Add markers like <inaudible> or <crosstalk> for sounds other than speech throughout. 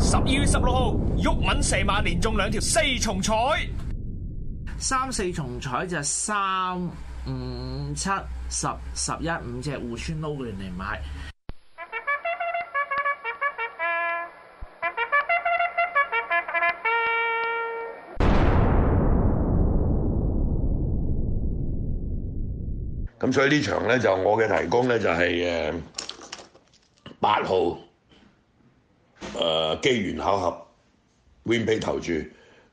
十二月十六號，毓民射馬連中兩條四重彩，三四重彩就係三五七十十一五隻戶村撈嘅人嚟買。咁所以呢場咧就我嘅提供咧就係誒八號。誒機緣巧合，温比投注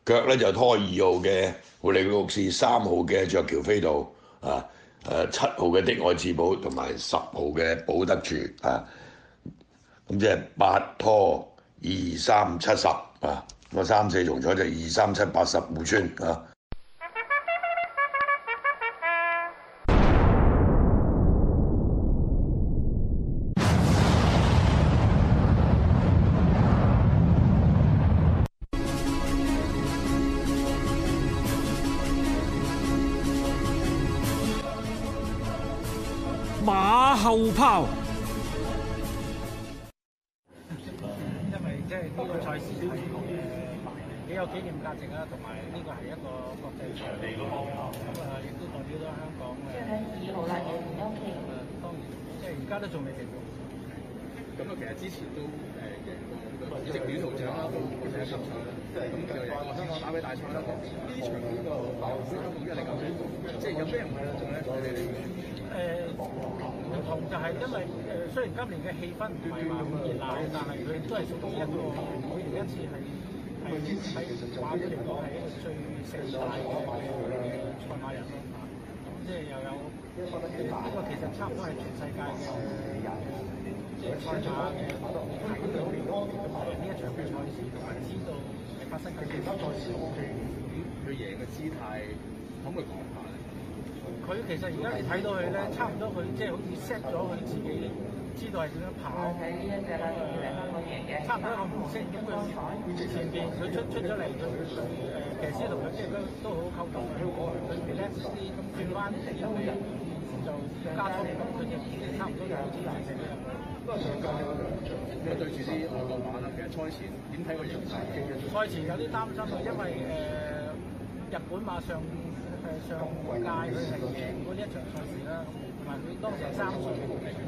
腳咧就拖二號嘅布利克士，三號嘅雀喬菲度啊，誒七號嘅的愛子寶同埋十號嘅保德住啊，咁即係八拖二三七十啊，咁啊三四重彩就二三七八十互村。啊。馬後炮，因為即係呢、呢個賽事係你有紀念價值啊，同埋呢個係一個國際場地嘅，咁啊，亦都代表咗香港，即係喺二號啦，我 Okay. 當然，即係而家都仲未咁啊，其實之前都誒贏過直管啦，咁又香港打比大賽啦。就是就是、呢場呢個即係有咩唔係咧？唔同就係因為雖然今年嘅氣氛唔係話咁熱鬧，但係佢都係屬於一個每年一次係係喺馬會度係一個最盛大嗰個賽馬日咯嚇，即係又有覺得呢個其實差唔多係全世界嘅人嘅賽馬喺呢一場比賽同埋知道發生佢幾多賽事，佢贏，佢贏嘅姿態可唔可以講下？佢其實而家你睇到佢咧，差唔多佢即係好似 set 咗佢自己知道係點樣跑。嗯、差唔多一個模式。咁佢前邊佢出，出出咗嚟，佢同誒騎師同佢即係都好好溝通嘅。後邊咧啲咁轉彎，啲啲人就加賽。佢就已經差唔多有資格性嘅，都係上交呢個兩場，即係對住啲外國馬啦。其實賽前點睇個形勢？賽前有啲擔心啊，因為誒日本馬上。上屆佢係贏嗰一場賽事啦，同埋佢當時三歲，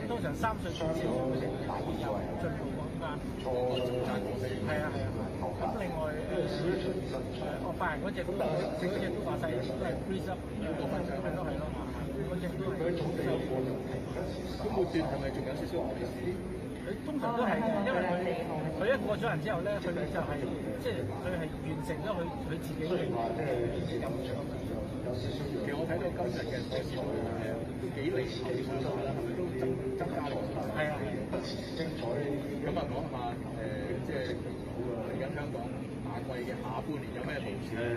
通常三歲之後佢哋會有進步過慢錯嘅狀態。係、嗯、啊係啊係。咁另外誒，我扮嗰隻，嗰隻巴西都係 freeze up，全都係都咯嘛。嗰隻都佢總共有幾多？終末段係咪仲有少少瑕疵？誒，啊、通常都係，啊、因為佢佢、啊、一個上完之後咧，佢就係即係佢係完成咗佢佢自己嘅。雖其實我睇到今日嘅賽事係都幾利是幾多下啦，係咪都增增加樂趣？係啊，精彩。咁啊講下誒，即係預到啊，嚟緊香港馬季嘅下半年有咩部署咧？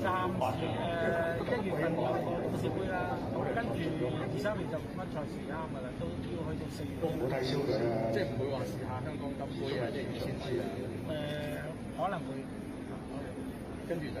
三誒一月份攞個金盃啦，咁跟住二三年就冇乜賽事啱㗎啦，都要去到四月都好介紹嘅，即係唔會話試下香港金盃啊，即係二千米啊。誒可能會跟住就。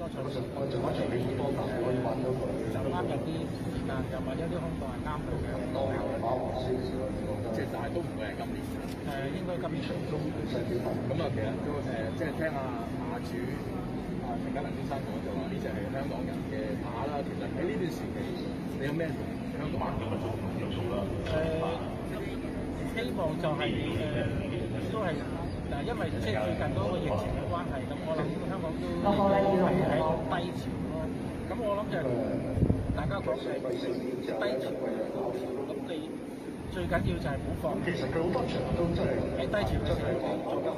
多場多，但就啱入啲時間，就揾一啲空檔係啱到嘅。多跑馬王少少咯，即係但係都唔會係今年啦。誒，應該今年成咁啊，其實都誒，即係聽啊馬主啊陳家林先生講就話呢隻係香港人嘅馬啦。其實喺呢段時期，你有咩？香港慢咗咪要做啦。誒，希望就係誒，都係嗱，因為即係最近嗰個疫情嘅關係。我諗香港都係喺低潮咯，咁我諗就大家講嘅係低潮。咁你最緊要就係唔好放棄。其實佢好多場都係喺低潮，真係做緊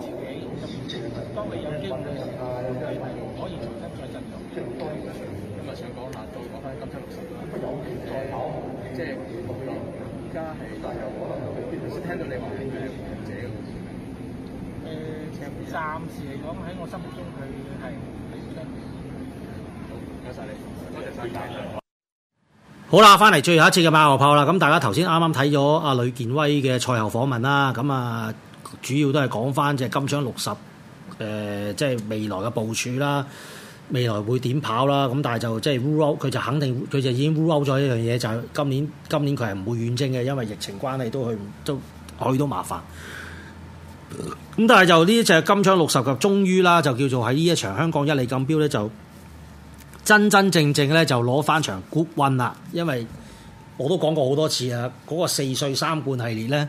自己。當你有機會，可以重新再振作。咁啊，想講下再講翻金七六神。有再跑，即係而家，但係有可能。先聽到你話係王者。暫時嚟講，喺我心目中佢，係你覺得？ <music> 好啦，翻嚟，最後一次嘅《馬後砲》啦。咁大家頭先啱啱睇咗阿呂健威嘅賽後訪問啦。咁啊，主要都係講翻即係金槍六十，誒，即係未來嘅部署啦，未來會點跑啦？咁但係就即係 rule，佢，就是，就肯定，佢就已經 rule 咗一樣嘢。就是，今年，今年佢係唔會遠征嘅，因為疫情關係都去都去都麻煩。咁但係就呢隻金槍六十及終於啦，就叫做喺呢一場香港一哩錦標呢，就真真正正呢，就攞翻場冠軍啦。因為我都講過好多次啊，嗰個四歲三冠系列呢，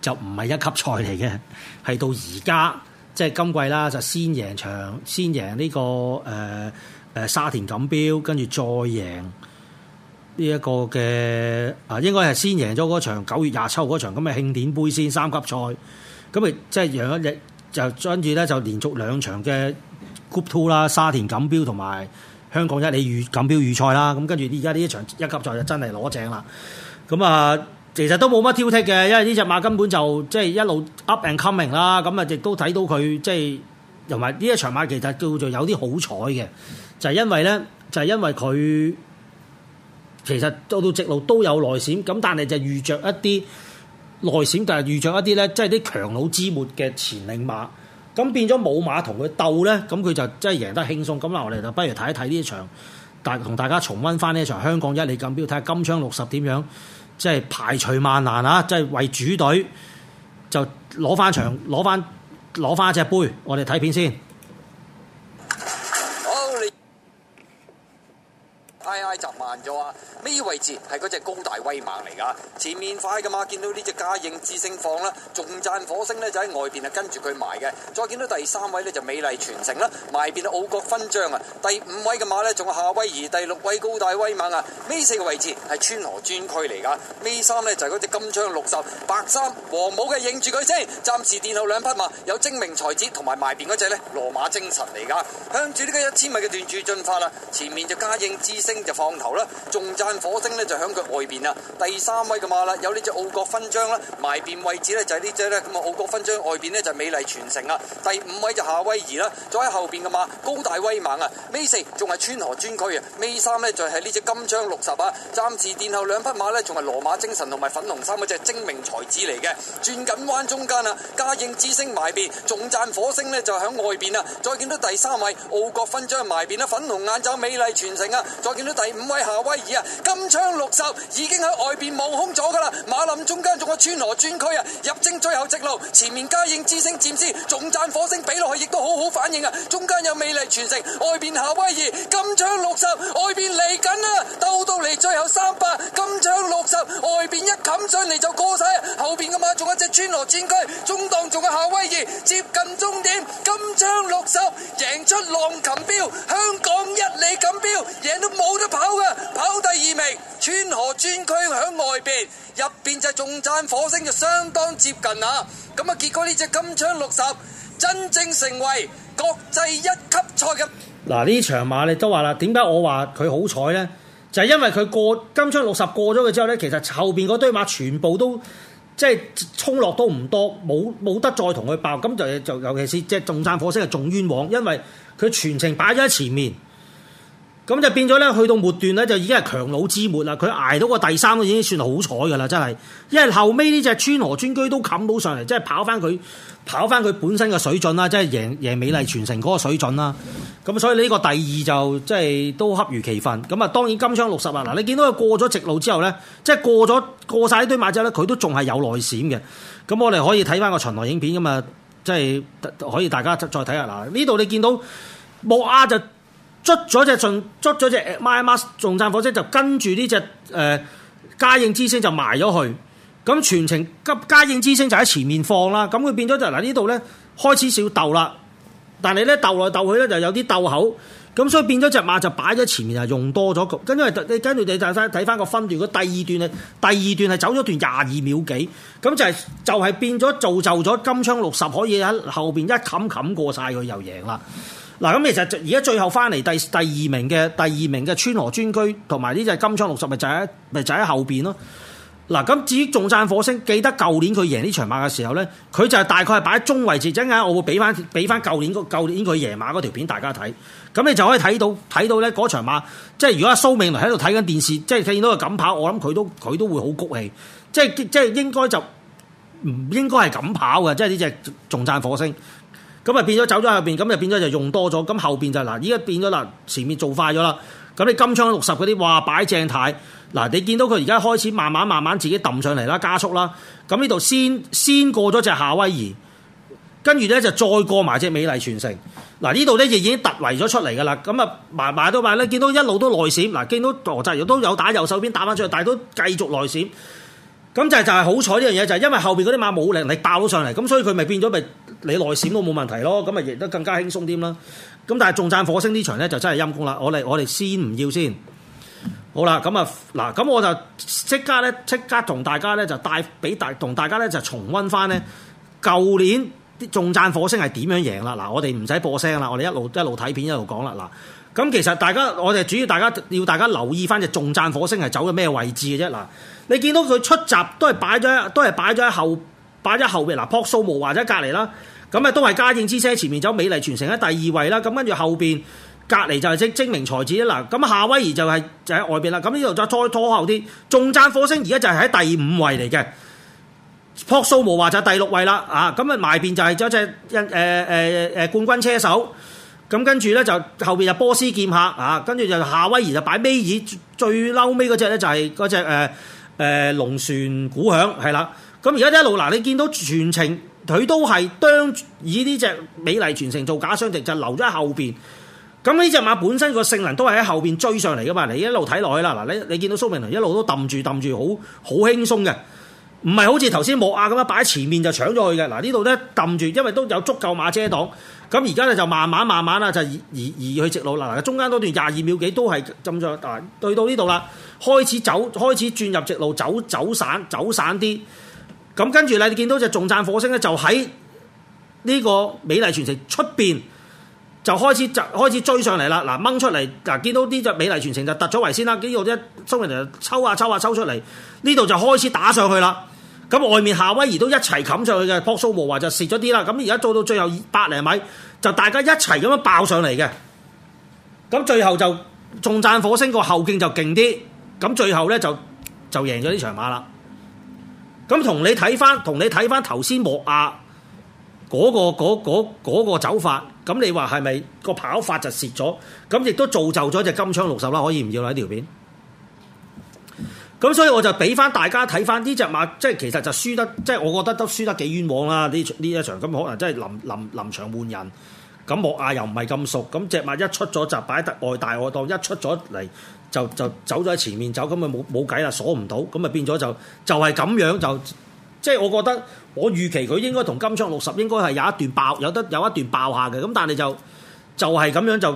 就唔係一級賽嚟嘅，係到而家即係今季啦，就先贏場，先贏呢個誒誒、呃、沙田錦標，跟住再贏呢一個嘅啊，應該係先贏咗嗰場九月廿七號嗰場咁嘅慶典盃先三級賽。咁咪即係贏一日，就跟住咧就連續兩場嘅 Group Two 啦，沙田錦標同埋香港一哩預錦標預賽啦。咁跟住而家呢一場一級賽就真係攞正啦。咁啊，其實都冇乜挑剔嘅，因為呢隻馬根本就即係一路 up and coming 啦。咁啊，亦都睇到佢即係，同埋呢一場馬其實叫做有啲好彩嘅，就係因為咧，就係因為佢其實到到直路都有內閃，咁但係就遇着一啲。內線就係遇著一啲咧，即係啲強弩之末嘅前領馬，咁變咗冇馬同佢鬥咧，咁佢就即係贏得輕鬆。咁嗱，我哋就不如睇一睇呢場，大同大家重溫翻呢場香港一哩錦標，睇下金槍六十點樣，即係排除萬難啊！即係為主隊就攞翻場，攞翻攞翻一隻杯，我哋睇片先。I I 執慢咗啊！尾位置係隻高大威猛嚟噶，前面快嘅馬見到呢隻加應之星放啦，仲讚火星咧就喺外邊啊跟住佢埋嘅。再見到第三位咧就美麗全城啦，埋邊澳國勳章啊。第五位嘅馬咧仲係夏威夷，第六位高大威猛啊！尾四個位置係川河專區嚟噶。三呢三咧就係、是、隻金槍六十白衫黃帽嘅認住佢先，暫時殿後兩匹馬，有精明才子同埋埋邊隻咧羅馬精神嚟噶，向住呢個一千米嘅段柱進發啦！前面就加應之星。就放頭啦，仲讚火星呢就響佢外邊啊！第三位嘅馬啦，有呢隻奧國勳章啦，埋邊位置呢就係呢隻咧，咁啊奧國勳章外邊呢就美麗傳承啊！第五位就夏威夷啦，再喺後邊嘅馬高大威猛啊！尾四仲係川河專區啊，尾三呢就係呢隻金槍六十啊，暫時殿後兩匹馬呢，仲係羅馬精神同埋粉紅衫嗰隻精明才子嚟嘅，轉緊彎中間啊，嘉應之星埋邊，仲讚火星呢就響外邊啊！再見到第三位奧國勳章埋邊啦，粉紅眼罩美麗傳承啊！再見。第五位夏威夷啊，金槍六十已經喺外邊望空咗噶啦，馬林中間仲有川河專區啊，入征最後直路，前面嘉應之星戰師，總贊火星比落去亦都好好反應啊，中間有美麗傳承，外邊夏威夷金槍六十，外邊嚟緊啦，兜到嚟最後三百，金槍六十外邊一冚上嚟就過晒，後邊嘅馬仲有隻川河專區，中檔仲有夏威夷接近終點，金槍六十贏出浪琴標，香港一里錦標贏到冇。跑跑第二名。川河專區響外邊，入邊隻重贊火星就相當接近啊。咁啊，結果呢隻金槍六十真正成為國際一級賽嘅。嗱、啊，呢場馬你都話啦，點解我話佢好彩呢？就係、是、因為佢過金槍六十過咗佢之後呢，其實後邊嗰堆馬全部都即係衝落都唔多，冇冇得再同佢爆。咁就就尤其是即係重贊火星啊，仲冤枉，因為佢全程擺咗喺前面。咁就變咗咧，去到末段咧，就已經係強弩之末啦。佢捱到個第三都已經算好彩噶啦，真係。因為後尾呢隻川河尊駒都冚到上嚟，即係跑翻佢跑翻佢本身嘅水準啦，即係贏贏美麗傳承嗰個水準啦。咁所以呢個第二就即係都恰如其分。咁啊，當然金槍六十啊！嗱，你見到佢過咗直路之後咧，即係過咗過晒呢堆馬之後咧，佢都仲係有內閃嘅。咁我哋可以睇翻個巡邏影片，咁嘛，即係可以大家再睇下嗱。呢度你見到冇啊就。捉咗隻進，捉咗隻 Max Max 重戰火車就跟住呢隻誒嘉應之星就埋咗去，咁全程急嘉應之星就喺前面放啦，咁佢變咗就喺呢度咧開始少鬥啦，但係你咧鬥來鬥去咧就有啲鬥口，咁所以變咗隻馬就擺咗前面啊，用多咗局，跟住你跟住你睇翻睇翻個分段，如第二段咧第二段係走咗段廿二秒幾，咁就係就係變咗造就咗金槍六十可以喺後邊一冚冚過晒，佢又贏啦。嗱，咁你就而家最後翻嚟第第二名嘅第二名嘅川河尊駒，同埋呢隻金鎗六十咪就喺咪就喺、是、後邊咯。嗱，咁至於重贊火星，記得舊年佢贏呢場馬嘅時候咧，佢就係大概係擺喺中位置。陣間，我會俾翻俾翻舊年嗰年佢贏馬嗰條片大家睇。咁你就可以睇到睇到咧嗰場馬，即係如果蘇銘倫喺度睇緊電視，即係睇到佢咁跑，我諗佢都佢都會好谷氣。即係即係應該就唔應該係咁跑嘅，即係呢隻重贊火星。咁啊，變咗走咗入邊，咁就變咗就用多咗。咁後邊就嗱，依家變咗啦，前面做快咗啦。咁你金槍六十嗰啲，哇，擺正軚，嗱，你見到佢而家開始慢慢慢慢自己揼上嚟啦，加速啦。咁呢度先先過咗隻夏威夷，跟住咧就再過埋隻美麗傳承。嗱，呢度咧亦已經突圍咗出嚟噶啦。咁啊，買買到買咧，見到一路都內閃。嗱，見到陀澤又都有打右手邊打翻出去，但係都繼續內閃。咁就就係好彩呢樣嘢，就係、是就是、因為後邊嗰啲馬冇力，力爆咗上嚟，咁所以佢咪變咗咪。你內線都冇問題咯，咁咪贏得更加輕鬆啲咁啦。咁但係重贊火星呢場咧就真係陰功啦，我哋我哋先唔要先。好啦，咁啊嗱，咁我就即刻咧，即刻同大家咧就帶俾大，同大家咧就重溫翻咧舊年啲重贊火星係點樣贏啦。嗱，我哋唔使播聲啦，我哋一路一路睇片一路講啦。嗱，咁其實大家我哋主要大家要大家留意翻隻重贊火星係走咗咩位置嘅啫。嗱，你見到佢出閘都係擺咗，都係擺咗喺後。擺咗後邊嗱，樸素無華喺隔籬啦，咁啊都係嘉應之車，前面走美麗傳承喺第二位啦，咁跟住後邊隔籬就係精精明才子啦，咁啊夏威夷就係、啊、就喺外邊啦，咁呢度再拖拖後啲，仲贊火星而家就係喺第五位嚟嘅，樸素無華就係第六位啦，啊，咁啊埋邊就係咗隻誒誒誒冠軍車手，咁跟住咧就後邊就波斯劍客啊，跟住就夏威夷就擺尾爾最嬲尾嗰隻咧就係嗰隻誒誒、呃呃呃、龍船鼓響係啦。咁而家一路嗱，你見到全程佢都係當以呢隻美麗傳承做假想敵，就留咗喺後邊。咁呢隻馬本身個性能都係喺後邊追上嚟噶嘛。你一路睇落去啦，嗱你你見到蘇銘倫一路都揼住揼住，好好輕鬆嘅，唔係好似頭先莫雅咁樣擺喺前面就搶咗佢嘅嗱。呢度咧揼住，因為都有足夠馬遮擋。咁而家咧就慢慢慢慢啦，就移移去直路嗱嗱，中間段廿二秒幾都係浸咗，但係到呢度啦，開始走開始轉入直路走走，走散走散啲。咁跟住咧，你見到隻重贊火星咧，就喺呢個美麗傳承出邊就開始就開始追上嚟啦！嗱，掹出嚟嗱，見到呢隻美麗傳承就突咗圍先啦。呢度一蘇人就抽下、啊、抽下、啊、抽出嚟，呢度就開始打上去啦。咁外面夏威夷都一齊冚上去嘅，樸素無華就蝕咗啲啦。咁而家做到最後百零米，就大家一齊咁樣爆上嚟嘅。咁最後就重贊火星個後勁就勁啲，咁最後咧就就贏咗呢場馬啦。咁同你睇翻，同你睇翻頭先莫亞嗰個嗰嗰嗰個走法，咁你話係咪個跑法就蝕咗？咁亦都造就咗一隻金槍六十啦，可以唔要啦呢條片？咁所以我就俾翻大家睇翻呢隻馬，即係其實就輸得，即係我覺得都輸得幾冤枉啦。呢呢一場咁可能真係臨臨臨，臨場換人，咁莫亞又唔係咁熟，咁隻馬一出咗就擺喺外大外檔一出咗嚟。就就走咗喺前面走，咁咪冇冇計啦，鎖唔到，咁咪變咗就就係咁樣，就即係我覺得，我預期佢應該同金槍六十應該係有一段爆，有得有一段爆下嘅，咁但係就就係咁樣就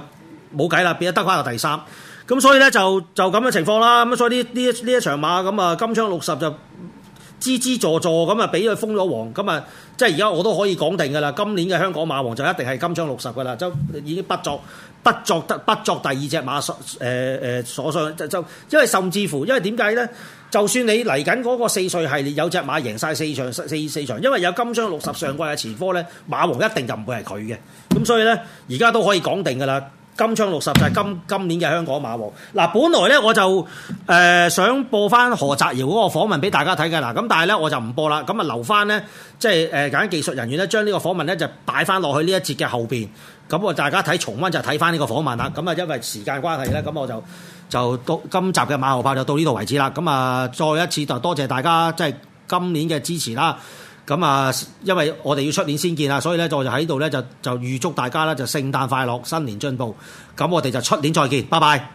冇計啦，變咗得翻個第三，咁所以咧就就咁嘅情況啦，咁所以呢呢呢一場馬咁啊金槍六十就。支支助助咁啊，俾佢封咗王，咁啊，即係而家我都可以講定㗎啦。今年嘅香港馬王就一定係金槍六十㗎啦，就已經不作不作得不作第二隻馬、呃呃、所誒誒所想就就，因為甚至乎，因為點解咧？就算你嚟緊嗰個四歲系列有隻馬贏晒四場四四,四場，因為有金槍六十上季嘅前科咧，馬王一定就唔會係佢嘅。咁所以咧，而家都可以講定㗎啦。金槍六十就係今今年嘅香港馬王嗱，本來咧我就誒、呃、想播翻何澤堯嗰個訪問俾大家睇嘅嗱，咁但係咧我就唔播啦，咁啊留翻咧即係誒揀技術人員咧將呢個訪問咧就擺翻落去呢一節嘅後邊，咁我大家睇重溫就睇翻呢個訪問啦，咁啊因為時間關係咧，咁我就就到今集嘅馬後炮就到呢度為止啦，咁啊再一次就多謝大家即係、就是、今年嘅支持啦。咁啊，因為我哋要出年先見啦，所以咧，我就喺度咧就就預祝大家啦，就聖誕快樂，新年進步。咁我哋就出年再見，拜拜。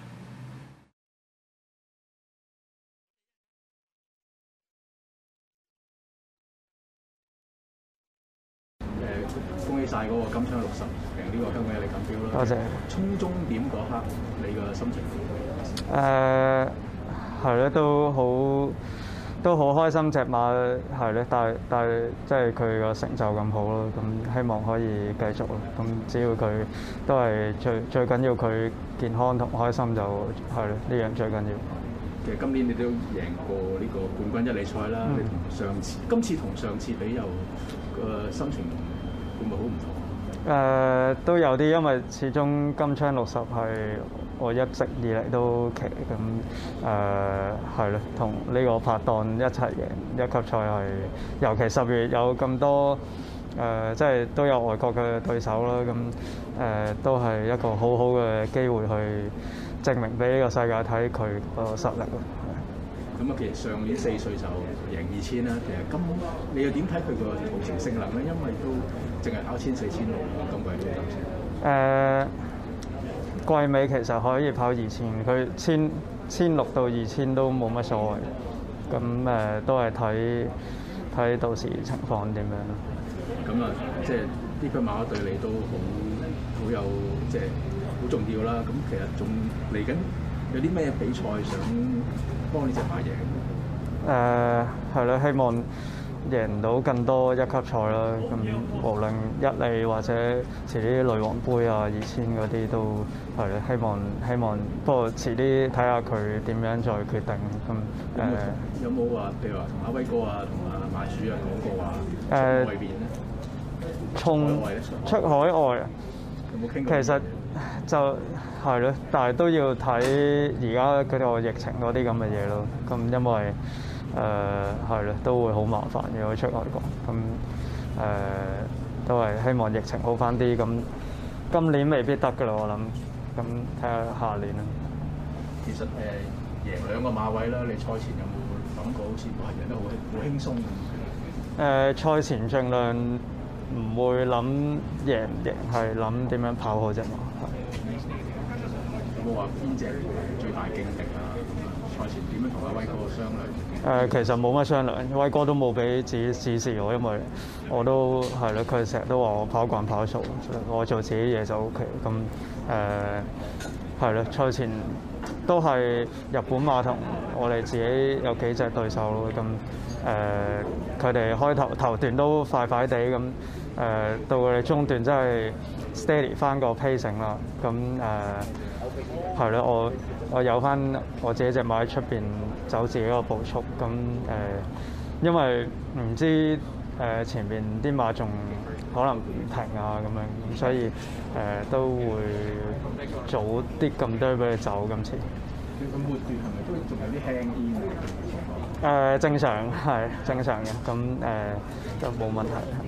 恭喜晒嗰個金鎗六十，贏呢個香港一哩錦標啦！多謝。衝終點嗰刻，你個心情點？誒， <music> 係咧、呃，都好。都好開心，隻馬係咧，但係但係即係佢個成就咁好咯，咁希望可以繼續咯。咁只要佢都係最最緊要佢健康同開心就係呢樣最緊要。其實今年你都贏過呢個冠軍一哩賽啦，嗯、你同上次今次同上次比又誒、啊、心情會唔會好唔同啊、呃？都有啲，因為始終金槍六十係。我一直以嚟都奇咁，誒係咯，同呢、呃、個拍檔一齊贏一級賽係，尤其十月有咁多誒、呃，即係都有外國嘅對手啦。咁、呃、誒都係一個好好嘅機會去證明俾呢個世界睇佢個實力咯。咁啊，其實上年四歲就贏二千啦。2000，其實根本你又點睇佢個途程性能咧？因為都淨係跑千四千六咁貴啲單車季尾其實可以跑二千，佢千千六到二千都冇乜所謂，咁誒、呃、都係睇睇到時情況點樣咯。咁啊、嗯，即係呢匹馬對你都好好有即係好重要啦。咁其實仲嚟緊有啲咩比賽想幫呢隻馬贏？誒係啦，希望。贏唔到更多一級賽啦，咁、哦、那無論一利或者遲啲女王杯啊、二千嗰啲都係希望希望，不過遲啲睇下佢點樣再決定咁誒。嗯嗯、有冇話譬如話同阿威哥啊、同阿馬主啊講過話誒圍咧？衝出海外，有冇傾？面其實就係咯，但係都要睇而家嗰個疫情嗰啲咁嘅嘢咯。咁因為誒係咯，都會好麻煩嘅出外國，咁、嗯、誒、呃、都係希望疫情好返啲，咁、嗯、今年未必得㗎啦，我諗，咁睇下下年啦。其實誒贏兩個馬位啦，你賽前有冇諗過好似都係贏得好輕好輕鬆嘅？誒賽、呃、前儘量唔會諗贏唔贏，係諗點樣跑好啫嘛。有冇話邊隻最大勁力啊？賽前點樣同阿威哥商量？誒、呃，其實冇乜商量，威哥都冇俾自己指示我，因為我都係啦，佢成日都話我跑慣跑熟，我做自己嘢就 O、OK, K。咁誒係啦，賽前都係日本馬同我哋自己有幾隻對手咯。咁誒，佢、呃、哋開頭頭段都快快地咁，誒，到佢哋中段真係 steady 翻個 pace 啦。咁、呃、誒。係啦，我我有翻我自己隻馬喺出邊走自己個步速，咁誒、呃，因為唔知誒、呃、前面啲馬仲可能唔停啊咁樣，咁所以誒、呃、都會早啲咁多俾佢走今次，咁末段係咪都仲有啲輕啲？誒、呃、正常係正常嘅，咁誒、呃、都冇問題。